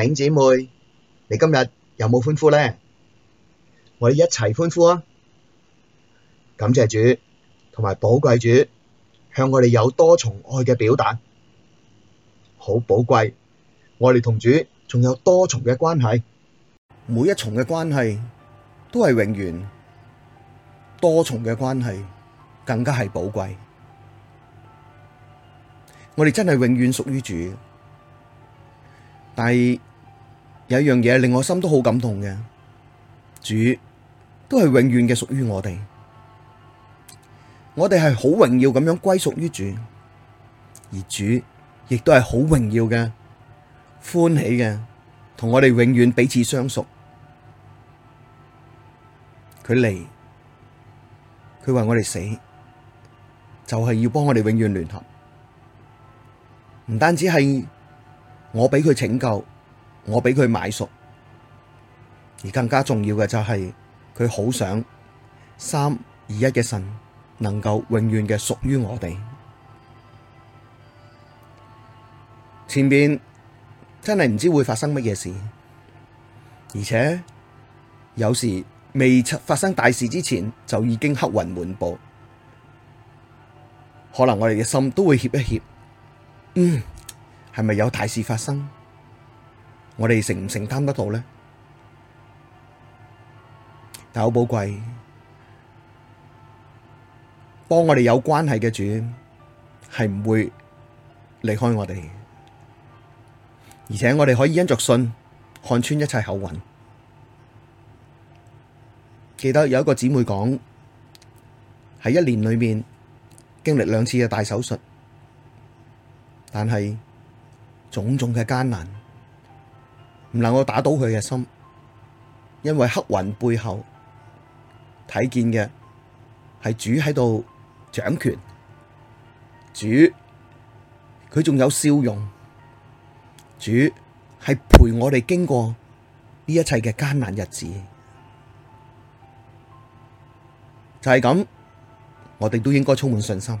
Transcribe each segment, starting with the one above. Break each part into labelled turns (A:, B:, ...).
A: 弟兄姊妹，你今日有冇歡呼咧？我哋一齊歡呼啊！感謝主，同埋寶貴主向我哋有多重愛嘅表達，好寶貴。我哋同主仲有多重嘅關係，每一重嘅關係都係永遠，多重嘅關係，更加係寶貴。我哋真係永遠屬於主，但係。有一樣嘢令我心都好感動嘅，主都係永遠嘅屬於我哋，我哋係好榮耀咁樣歸屬於主，而主亦都係好榮耀嘅歡喜嘅，同我哋永遠彼此相熟。佢嚟，佢為我哋死，就係要幫我哋永遠聯合，唔單止係我俾佢拯救。我俾佢買熟，而更加重要嘅就係佢好想三二一嘅神能夠永遠嘅屬於我哋。前面真係唔知會發生乜嘢事，而且有時未發生大事之前就已經黑雲滿佈，可能我哋嘅心都會怯一怯，嗯，係咪有大事發生？我哋承唔承擔得到呢？但係好寶貴，幫我哋有關係嘅主係唔會離開我哋，而且我哋可以因着信看穿一切厚雲。記得有一個姊妹講喺一年裏面經歷兩次嘅大手術，但係種種嘅艱難。唔能夠打倒佢嘅心，因為黑雲背後睇見嘅係主喺度掌權，主佢仲有笑容，主係陪我哋經過呢一切嘅艱難日子，就係咁，我哋都應該充滿信心。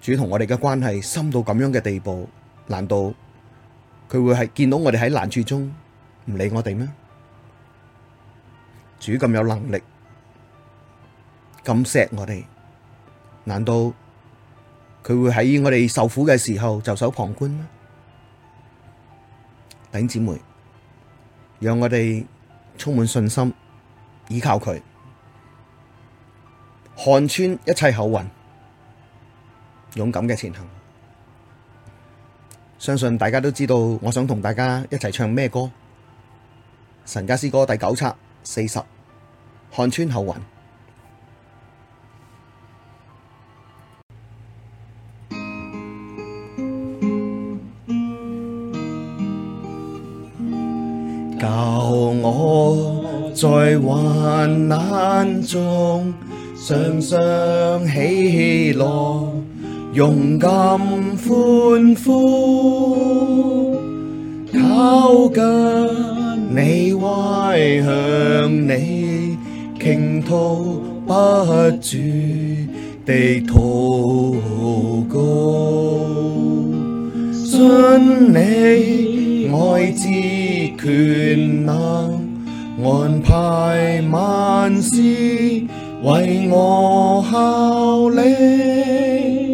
A: 主同我哋嘅關係深到咁樣嘅地步，難道，佢會係見到我哋喺難處中唔理我哋咩？主咁有能力，咁錫我哋，難道佢會喺我哋受苦嘅時候袖手旁觀咩？弟兄姊妹，讓我哋充滿信心，依靠佢，看穿一切厚雲，勇敢嘅前行。相信大家都知道，我想同大家一齊唱咩歌？神家詩歌第九冊四十，看穿厚雲，
B: 教我在患難中常常喜樂。勇敢歡呼，靠近你懷，向你，傾吐，不住的禱告，信你愛、智、權、能，安排萬事，為我效力。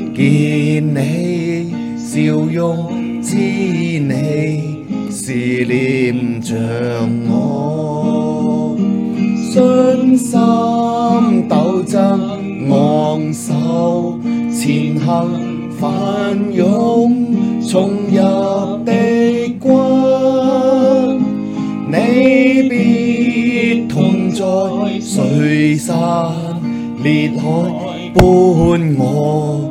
B: 見你笑容，知你思念着我。信心陡增，昂首前行，奮勇衝入敵軍。你必同在，碎山裂海伴我，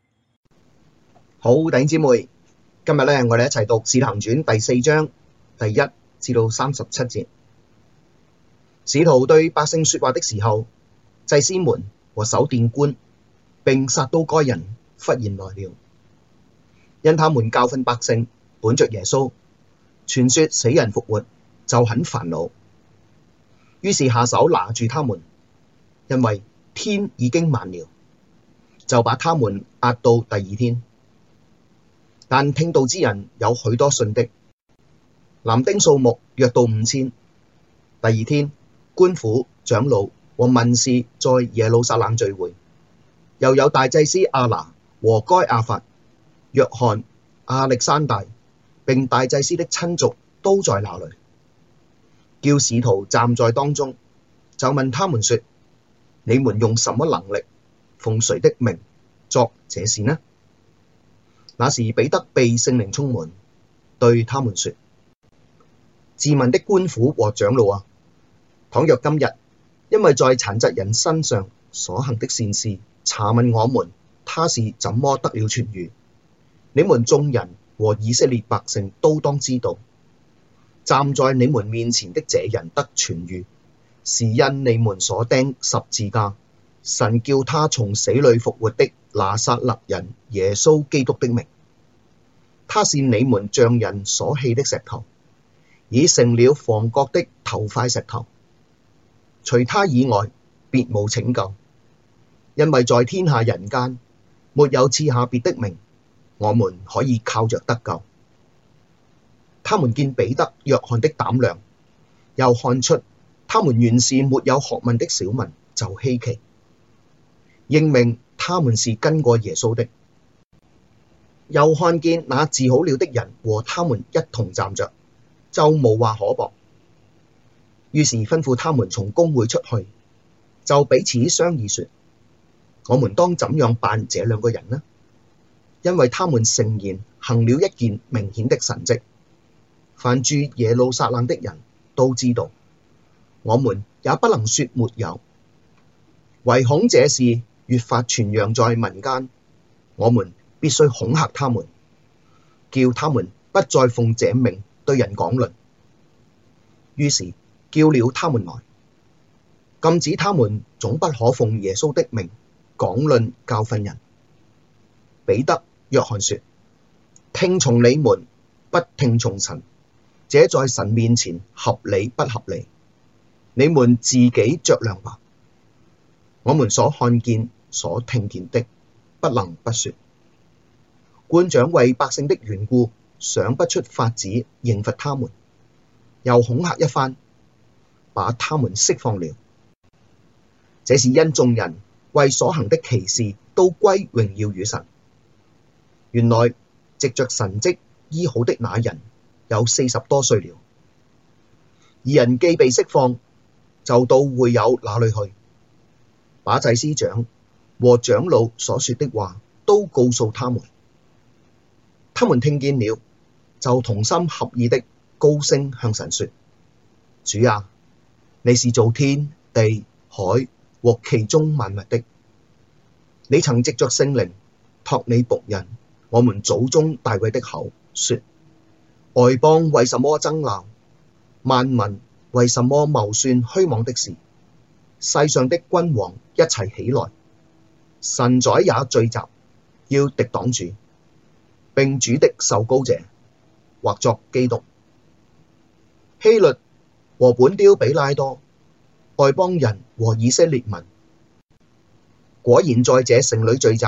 A: 好，弟兄姊妹，今日呢，我哋一齊讀《使徒行傳》第四章第一至到三十七節。使徒對百姓說話的時候，祭司們和守殿官並撒都該人忽然來了，因他們教訓百姓，本着耶穌傳說死人復活，就很煩惱，於是下手拿住他們，因為天已經晚了，就把他們押到第二天。但聽道之人有許多信的，男丁數目約到五千。第二天，官府、長老和文士在耶路撒冷聚會，又有大祭司亞那和該亞法、約翰、亞力山大，並大祭司的親族都在那裡，叫使徒站在當中，就問他們說：你們用什麼能力，奉誰的名作這事呢？那時彼得被聖靈充滿，對他們說：治民的官府和長老啊，倘若今日因為在殘疾人身上所行的善事，查問我們他是怎麼得了痊癒，你們眾人和以色列百姓都當知道，站在你們面前的這人得痊癒，是因你們所釘十字架，神叫他從死裡復活的。拿撒勒人耶穌基督的名，他是你們匠人所棄的石頭，已成了房角的頭塊石頭。除他以外，別無拯救，因為在天下人間，沒有賜下別的名，我們可以靠着得救。他們見彼得、約翰的膽量，又看出他們原是沒有學問的小民，就希奇，認明。他們是跟過耶穌的，又看見那治好了的人和他們一同站着，就無話可駁。於是吩咐他們從公會出去，就彼此商議説：我們當怎樣辦這兩個人呢？因為他們誠然行了一件明顯的神蹟，凡住耶路撒冷的人都知道，我們也不能說沒有，唯恐這事。越發傳揚在民間，我們必須恐嚇他們，叫他們不再奉這名對人講論。於是叫了他們來，禁止他們總不可奉耶穌的名講論教訓人。彼得、約翰說：聽從你們，不聽從神，這在神面前合理不合理？你們自己酌量吧。我們所看見。，所聽見的不能不説。官長為百姓的緣故，想不出法子刑罰他們，又恐嚇一番，把他們釋放了。這是因眾人為所行的奇事都歸榮耀與神。原來藉着神蹟醫好的那人有四十多歲了。二人既被釋放，就到會友那裏去，把祭司長和長老所說的話都告訴他們，他們聽見了，就同心合意的高聲向神說：主啊，你是造天地海和其中萬物的，你曾藉着聖靈托你僕人我們祖宗大衛的口說：外邦為什麼爭鬧？萬民為什麼謀算虛妄的事？世上的君王一齊起，起來。神宰也聚集，要敵擋住，並主的受高者，或作基督。希律和本雕比拉多，外邦人和以色列民，果然在這城裡聚集，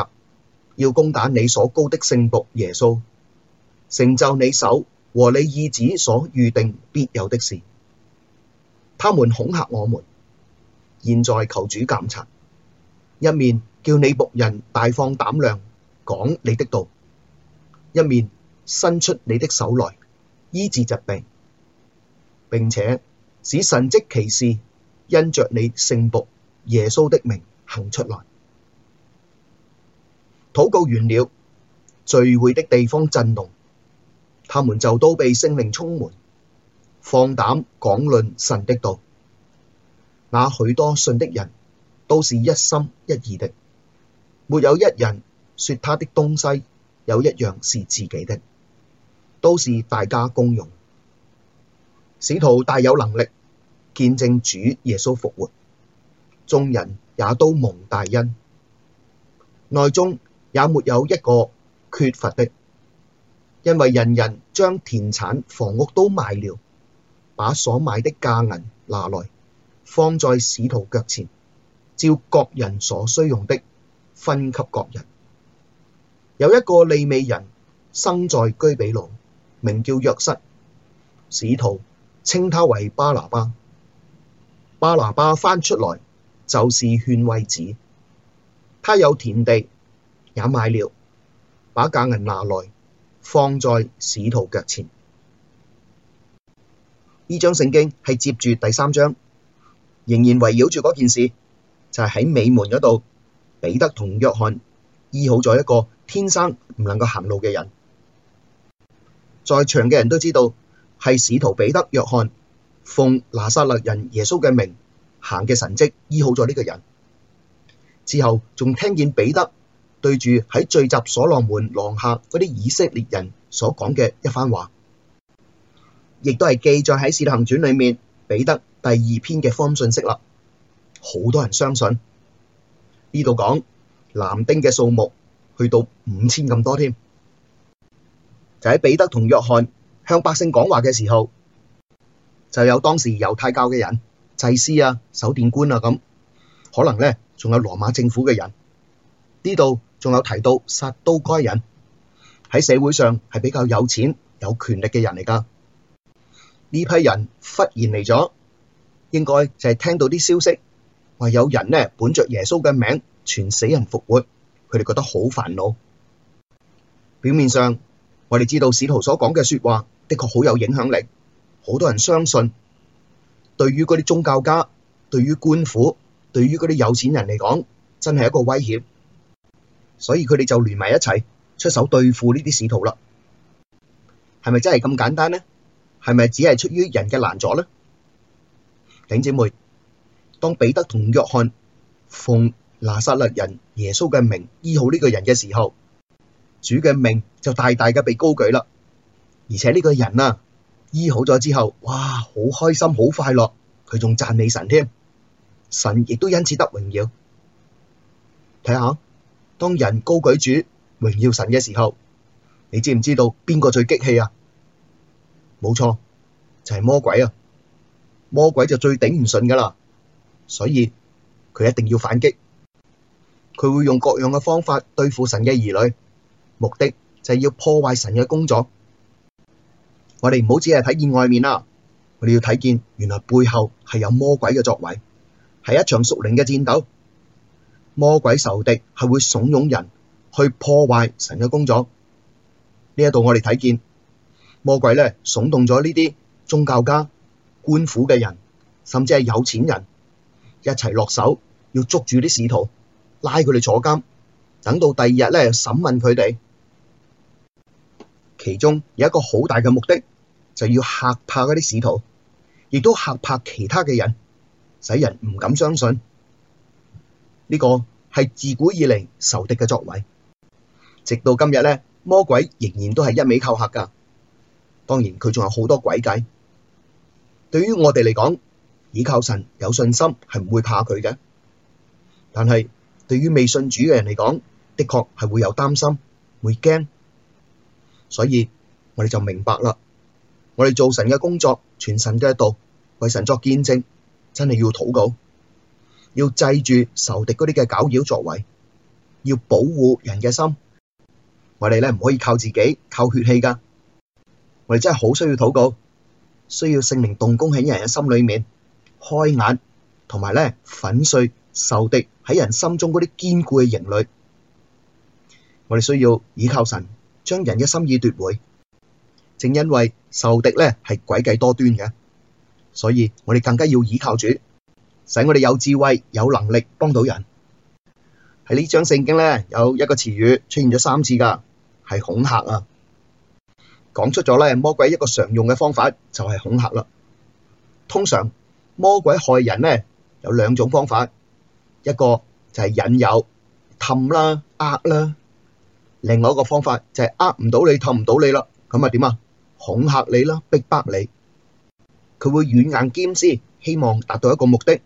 A: 要攻打你所高的聖僕耶穌，成就你手和你意子所預定必有的事。他們恐嚇我們，現在求主鑒察一面。叫你僕人大放膽量講你的道，一面伸出你的手來醫治疾病，並且使神蹟奇事因着你聖僕耶穌的名行出來。禱告完了，聚會的地方震動，他們就都被聖靈充滿，放膽講論神的道。那許多信的人，都是一心一意的。沒有一人說他的東西有一樣是自己的，都是大家公用。使徒大有能力，見證主耶穌復活，眾人也都蒙大恩，內中也沒有一個缺乏的，因為人人將田產房屋都賣了，把所賣的價銀拿來，放在使徒腳前，照各人所需用的。分給各人。有一個利未人，生在居比路，名叫約瑟。使徒稱他為巴拿巴。巴拿巴翻出來就是勸慰子。他有田地，也賣了，把價銀拿來放在使徒腳前。呢章 聖經係接住第三章，仍然圍繞住嗰件事，就係喺美門嗰度。彼得同約翰醫好咗一個天生唔能夠行路嘅人，在場嘅人都知道係使徒彼得、約翰奉拿撒勒人耶穌嘅名行嘅神蹟醫好咗呢個人。之後仲聽見彼得對住喺聚集所羅門廊下嗰啲以色列人所講嘅一番話，亦都係記載喺《使徒行傳》裏面彼得第二篇嘅福音信息啦。好多人相信。呢度講男丁嘅數目去到五千咁多添，就喺彼得同約翰向百姓講話嘅時候，就有當時猶太教嘅人、祭司啊、守殿官啊咁，可能咧仲有羅馬政府嘅人。呢度仲有提到撒都該人喺社會上係比較有錢有權力嘅人嚟噶，呢批人忽然嚟咗，應該就係聽到啲消息。話有人呢，本着耶穌嘅名傳死人復活，佢哋覺得好煩惱。表面上，我哋知道使徒所講嘅說話的確好有影響力，好多人相信。對於嗰啲宗教家、對於官府、對於嗰啲有錢人嚟講，真係一個威脅。所以佢哋就聯埋一齊出手對付呢啲使徒啦。係咪真係咁簡單呢？係咪只係出於人嘅難阻呢？頂姐妹。當彼得同約翰奉拿撒勒人耶穌嘅名醫好呢個人嘅時候，主嘅名就大大嘅被高舉啦。而且呢個人啊醫好咗之後，哇，好開心，好快樂，佢仲讚美神添。神亦都因此得榮耀。睇下，當人高舉主榮耀神嘅時候，你知唔知道邊個最激氣啊？冇錯，就係魔鬼啊！魔鬼就最頂唔順噶啦。所以佢一定要反擊，佢會用各樣嘅方法對付神嘅兒女，目的就係要破壞神嘅工作。我哋唔好只係睇見外面啦，我哋要睇見原來背後係有魔鬼嘅作為，係一場屬靈嘅戰鬥。魔鬼仇敵係會慫恿人去破壞神嘅工作。呢一度我哋睇見魔鬼呢，慫動咗呢啲宗教家、官府嘅人，甚至係有錢人。一齊落手，要捉住啲使徒，拉佢哋坐監，等到第二日咧審問佢哋。其中有一個好大嘅目的，就要嚇怕嗰啲使徒，亦都嚇怕其他嘅人，使人唔敢相信。呢個係自古以嚟仇敵嘅作為，直到今日咧，魔鬼仍然都係一味恐嚇㗎。當然佢仲有好多詭計，對於我哋嚟講。依靠神有信心係唔會怕佢嘅，但係對於未信主嘅人嚟講，的確係會有擔心，會驚。所以我哋就明白啦。我哋做神嘅工作，傳神嘅道，為神作見證，真係要禱告，要制住仇敵嗰啲嘅攪擾作為，要保護人嘅心。我哋咧唔可以靠自己，靠血氣噶。我哋真係好需要禱告，需要聖靈動工喺人嘅心裏面。開眼，同埋咧粉碎仇敵喺人心中嗰啲堅固嘅營壘。我哋需要倚靠神，將人嘅心意奪回。正因為仇敵咧係詭計多端嘅，所以我哋更加要倚靠主，使我哋有智慧、有能力幫到人。喺呢章聖經咧有一個詞語出現咗三次，噶係恐嚇啊，講出咗咧魔鬼一個常用嘅方法就係恐嚇啦。通常。魔鬼害人咧，有兩種方法，一個就係引誘、氹啦、呃啦，另外一個方法就係呃唔到你、氹唔到你啦，咁啊點啊？恐嚇你啦，逼迫你，佢會軟硬兼施，希望達到一個目的，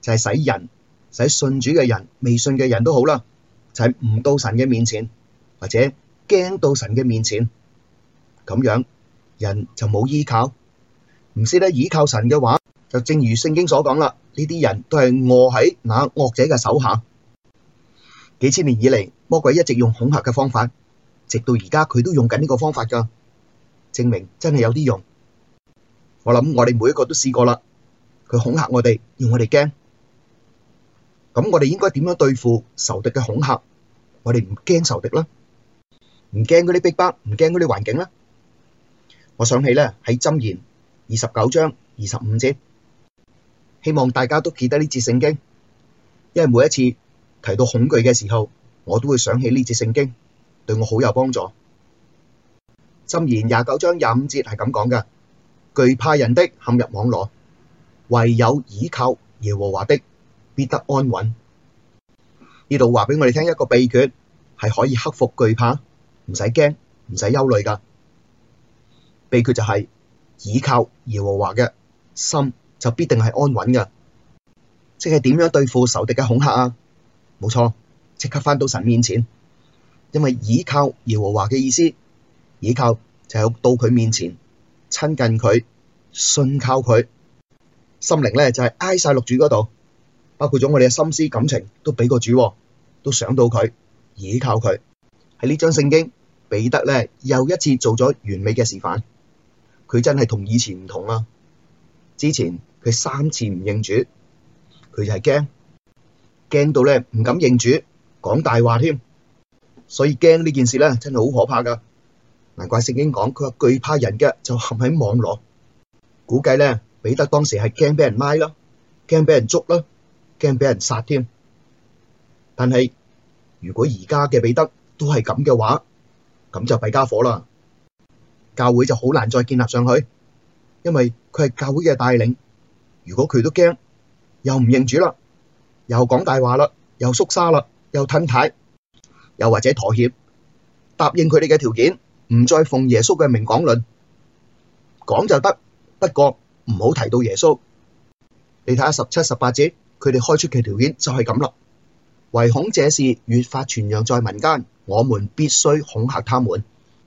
A: 就係、是、使人使信主嘅人、未信嘅人都好啦，就係、是、唔到神嘅面前，或者驚到神嘅面前，咁樣人就冇依靠，唔識得依靠神嘅話。就正如聖經所講啦，呢啲人都係臥喺那惡者嘅手下。幾千年以嚟，魔鬼一直用恐嚇嘅方法，直到而家佢都用緊呢個方法噶證明真係有啲用。我諗我哋每一個都試過啦，佢恐嚇我哋，要我哋驚。咁我哋應該點樣對付仇敵嘅恐嚇？我哋唔驚仇敵啦，唔驚嗰啲逼迫，唔驚嗰啲環境啦。我想起咧喺箴言二十九章二十五節。希望大家都記得呢節聖經，因為每一次提到恐懼嘅時候，我都會想起呢節聖經，對我好有幫助。箴言廿九章廿五節係咁講嘅：懼怕人的陷入網羅，唯有倚靠耶和華的必得安穩。呢度話俾我哋聽一個秘訣，係可以克服懼怕，唔使驚，唔使憂慮噶。秘訣就係倚靠耶和華嘅心。就必定係安穩噶，即係點樣對付仇敵嘅恐嚇啊？冇錯，即刻返到神面前，因為倚靠耶和華嘅意思，倚靠就係到佢面前親近佢，信靠佢心靈咧就係、是、挨晒六主嗰度，包括咗我哋嘅心思感情都俾個主、啊，都想到佢倚靠佢喺呢章聖經彼得咧，又一次做咗完美嘅示範，佢真係同以前唔同啦、啊，之前。佢三次唔認主，佢就係驚驚到咧，唔敢認主講大話添，所以驚呢件事咧真係好可怕噶。難怪聖經講佢話，懼怕人嘅就陷喺網絡，估計咧彼得當時係驚俾人拉咯，驚俾人捉啦，驚俾人殺添。但係如果而家嘅彼得都係咁嘅話，咁就弊家伙啦，教會就好難再建立上去，因為佢係教會嘅帶領。如果佢都驚，又唔認主啦，又講大話啦，又縮沙啦，又褪軚，又或者妥協，答應佢哋嘅條件，唔再奉耶穌嘅名講論，講就得，不過唔好提到耶穌。你睇下十七、十八節，佢哋開出嘅條件就係咁啦。唯恐這事越發傳揚在民間，我們必須恐嚇他們，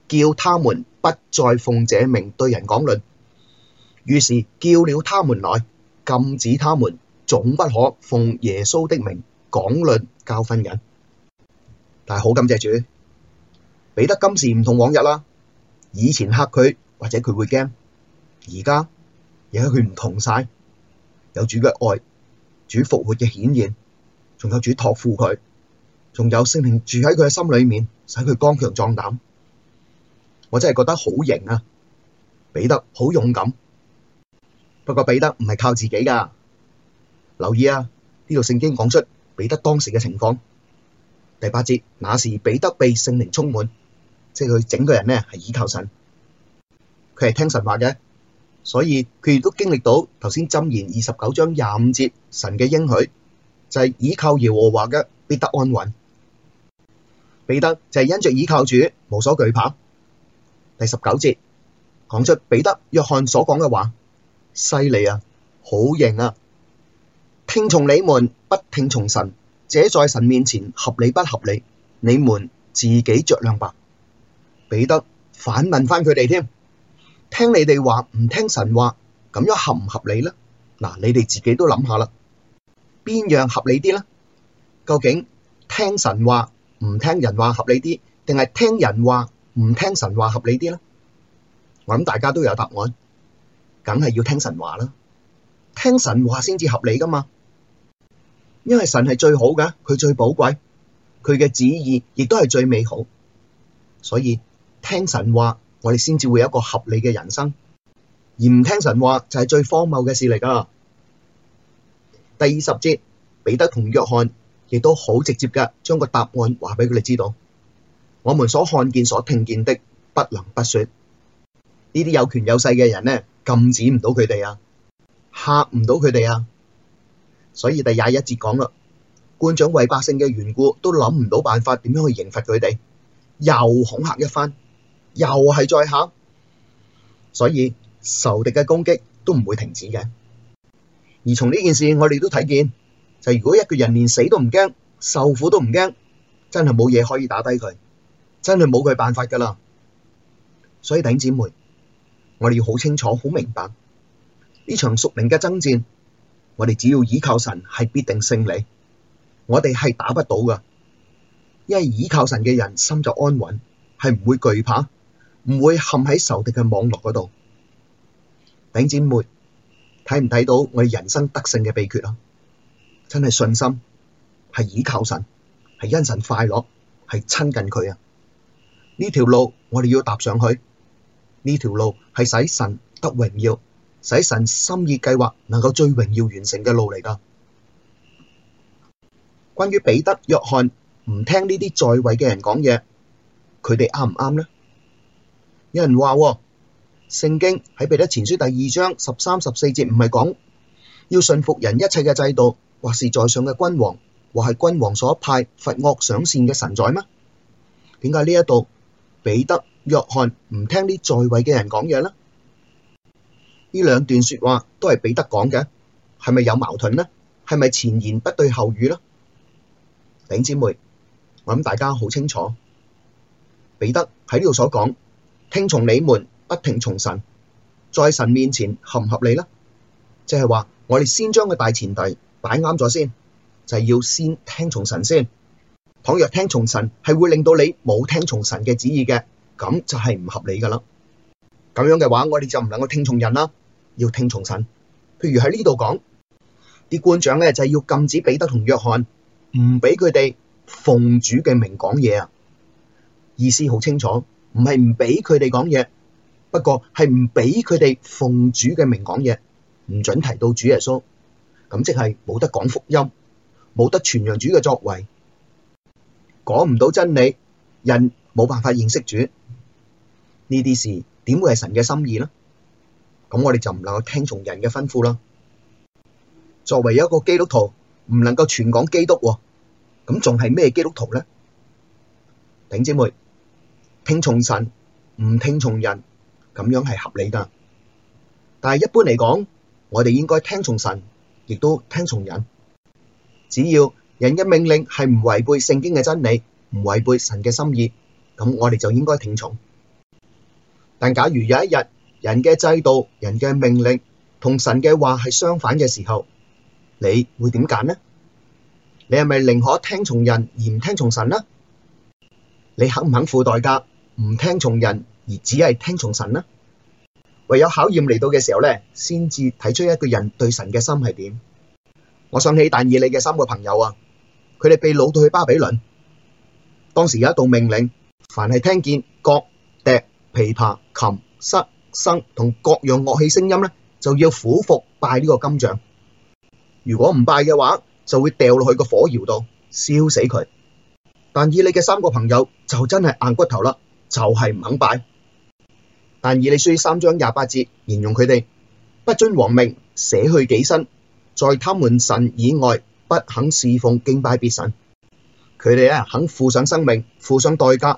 A: 叫他們不再奉這名對人講論。於是叫了他們來。禁止他們，總不可奉耶穌的名講論教訓人。但係好感謝主，彼得今時唔同往日啦。以前嚇佢，或者佢會驚，而家而家佢唔同晒，有主嘅愛，主復活嘅顯現，仲有主托付佢，仲有聖靈住喺佢嘅心裏面，使佢剛強壯膽。我真係覺得好型啊，彼得好勇敢。不過彼得唔係靠自己噶，留意啊！呢度聖經講出彼得當時嘅情況，第八節，那時彼得被聖靈充滿，即係佢整個人咧係倚靠神，佢係聽神話嘅，所以佢亦都經歷到頭先箴言二十九章廿五節神嘅應許就係、是、倚靠耶和華嘅必得安穩。彼得就係因着倚靠主無所懼怕。第十九節講出彼得約翰所講嘅話。犀利啊，好型啊！聽從你們，不聽從神，這在神面前合理不合理？你們自己酌量吧。彼得反問翻佢哋添，聽你哋話唔聽神話，咁樣合唔合理呢？嗱，你哋自己都諗下啦，邊樣合理啲呢？究竟聽神話唔聽人話合理啲，定係聽人話唔聽神話合理啲呢？我諗大家都有答案。梗係要聽神話啦，聽神話先至合理噶嘛。因為神係最好嘅，佢最寶貴，佢嘅旨意亦都係最美好，所以聽神話，我哋先至會有一個合理嘅人生，而唔聽神話就係最荒謬嘅事嚟噶。第二十節，彼得同約翰亦都好直接噶，將個答案話俾佢哋知道。我們所看見、所聽見的，不能不說。呢啲有權有勢嘅人呢？禁止唔到佢哋啊，嚇唔到佢哋啊，所以第廿一節講啦，官長為百姓嘅緣故，都諗唔到辦法點樣去刑罰佢哋，又恐嚇一番，又係再嚇，所以仇敵嘅攻擊都唔會停止嘅。而從呢件事，我哋都睇見，就如果一個人連死都唔驚，受苦都唔驚，真係冇嘢可以打低佢，真係冇佢辦法噶啦。所以頂姐妹。我哋要好清楚、好明白呢場屬靈嘅爭戰，我哋只要倚靠神係必定勝利，我哋係打不倒噶，因為倚靠神嘅人心就安穩，係唔會懼怕，唔會陷喺仇敵嘅網絡嗰度。頂姐妹睇唔睇到我哋人生得勝嘅秘訣啊？真係信心，係倚靠神，係因神快樂，係親近佢啊！呢條路我哋要踏上去。呢條路係使神得榮耀，使神心意計劃能夠最榮耀完成嘅路嚟㗎。關於彼得、約翰唔聽呢啲在位嘅人講嘢，佢哋啱唔啱呢？有人話聖經喺彼得前書第二章十三、十四節唔係講要信服人一切嘅制度，或是在上嘅君王，或係君王所派罰惡賞善嘅臣宰咩？點解呢一度彼得，約翰唔聽啲在位嘅人講嘢啦，呢兩段說話都係彼得講嘅，係咪有矛盾呢？係咪前言不對後語呢？弟兄姐妹，我諗大家好清楚，彼得喺呢度所講，聽從你們，不聽從神，在神面前合唔合理呢？即係話我哋先將個大前提擺啱咗先，就係要先聽從神先。倘若聽從神係會令到你冇聽從神嘅旨意嘅。咁就係唔合理噶啦，咁樣嘅話，我哋就唔能夠聽從人啦，要聽從神。譬如喺呢度講，啲官長咧就係要禁止彼得同約翰，唔俾佢哋奉主嘅名講嘢啊！意思好清楚，唔係唔俾佢哋講嘢，不過係唔俾佢哋奉主嘅名講嘢，唔准提到主耶穌，咁即係冇得講福音，冇得傳揚主嘅作為，講唔到真理，人冇辦法認識主。呢啲事點會係神嘅心意呢？咁我哋就唔能夠聽從人嘅吩咐啦。作為一個基督徒，唔能夠傳講基督，哦，咁仲係咩基督徒呢？頂姐妹，聽從神，唔聽從人，咁樣係合理噶。但係一般嚟講，我哋應該聽從神，亦都聽從人。只要人嘅命令係唔違背聖經嘅真理，唔違背神嘅心意，咁我哋就應該聽從。但假如有一日人嘅制度、人嘅命令同神嘅話係相反嘅時候，你會點揀呢？你係咪寧可聽從人而唔聽從神呢？你肯唔肯付代價唔聽從人而只係聽從神呢？唯有考驗嚟到嘅時候呢，先至睇出一個人對神嘅心係點。我想起但以理嘅三個朋友啊，佢哋被擄到去巴比倫，當時有一道命令，凡係聽見角笛琵琶。琴、瑟、笙同各樣樂器聲音咧，就要俯伏拜呢個金像。如果唔拜嘅話，就會掉落去個火窑度燒死佢。但以理嘅三個朋友就真係硬骨頭啦，就係、是、唔肯拜。但以理書三章廿八節形容佢哋不遵王命捨去己身，在他們神以外不肯侍奉敬拜別神，佢哋咧肯付上生命，付上代價。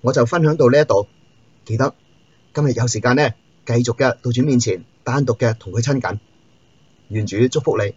A: 我就分享到呢度，記得今日有時間呢，繼續嘅到主面前單獨嘅同佢親近，願主祝福你。